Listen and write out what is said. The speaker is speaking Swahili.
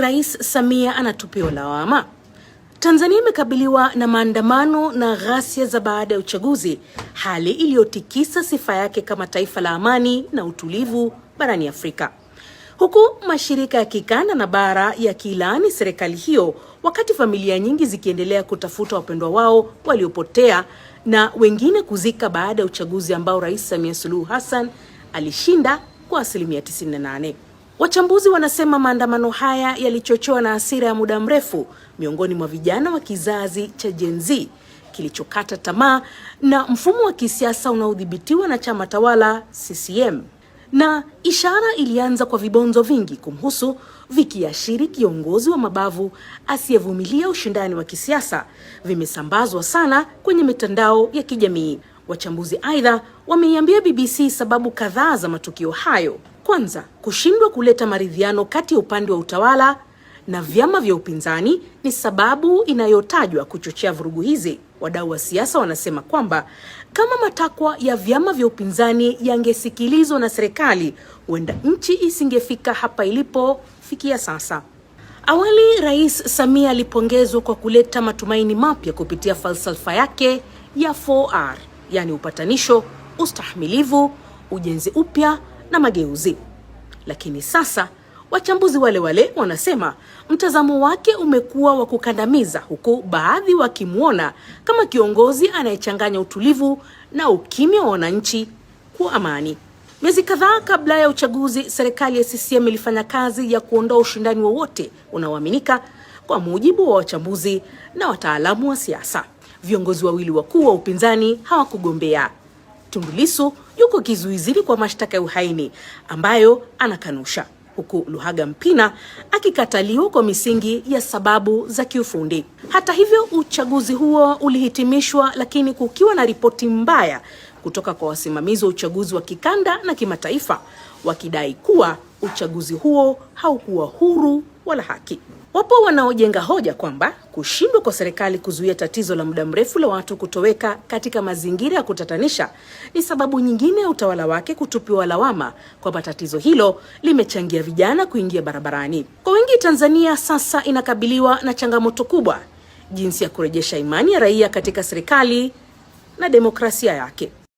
Rais Samia anatupiwa lawama. Tanzania imekabiliwa na maandamano na ghasia za baada ya uchaguzi, hali iliyotikisa sifa yake kama taifa la amani na utulivu barani Afrika, huku mashirika ya kikanda na bara yakiilaani serikali hiyo, wakati familia nyingi zikiendelea kutafuta wapendwa wao waliopotea na wengine kuzika baada ya uchaguzi ambao Rais Samia Suluhu Hassan alishinda kwa asilimia 98. Wachambuzi wanasema maandamano haya yalichochewa na hasira ya muda mrefu miongoni mwa vijana wa kizazi cha Gen Z kilichokata tamaa na mfumo wa kisiasa unaodhibitiwa na chama tawala CCM. Na ishara ilianza kwa vibonzo vingi kumhusu vikiashiri kiongozi wa mabavu asiyevumilia ushindani wa kisiasa, vimesambazwa sana kwenye mitandao ya kijamii. Wachambuzi aidha wameiambia BBC sababu kadhaa za matukio hayo. Kwanza, kushindwa kuleta maridhiano kati ya upande wa utawala na vyama vya upinzani ni sababu inayotajwa kuchochea vurugu hizi. Wadau wa siasa wanasema kwamba kama matakwa ya vyama vya upinzani yangesikilizwa na serikali, huenda nchi isingefika hapa ilipofikia sasa. Awali, Rais Samia alipongezwa kwa kuleta matumaini mapya kupitia falsafa yake ya 4R, yaani upatanisho, ustahimilivu, ujenzi upya na mageuzi. Lakini sasa wachambuzi wale wale wanasema mtazamo wake umekuwa wa kukandamiza, huku baadhi wakimwona kama kiongozi anayechanganya utulivu na ukimya wa wananchi kwa amani. Miezi kadhaa kabla ya uchaguzi, serikali ya CCM ilifanya kazi ya kuondoa ushindani wowote unaoaminika, kwa mujibu wa wachambuzi na wataalamu wa siasa. Viongozi wawili wakuu wa upinzani hawakugombea. Tundu Lissu yuko kizuizini kwa mashtaka ya uhaini ambayo anakanusha, huku Luhaga Mpina akikataliwa kwa misingi ya sababu za kiufundi. Hata hivyo, uchaguzi huo ulihitimishwa, lakini kukiwa na ripoti mbaya kutoka kwa wasimamizi wa uchaguzi wa kikanda na kimataifa wakidai kuwa uchaguzi huo haukuwa huru wala haki. Wapo wanaojenga hoja kwamba kushindwa kwa serikali kuzuia tatizo la muda mrefu la watu kutoweka katika mazingira ya kutatanisha ni sababu nyingine ya utawala wake kutupiwa lawama kwamba tatizo hilo limechangia vijana kuingia barabarani. Kwa wengi, Tanzania sasa inakabiliwa na changamoto kubwa, jinsi ya kurejesha imani ya raia katika serikali na demokrasia yake.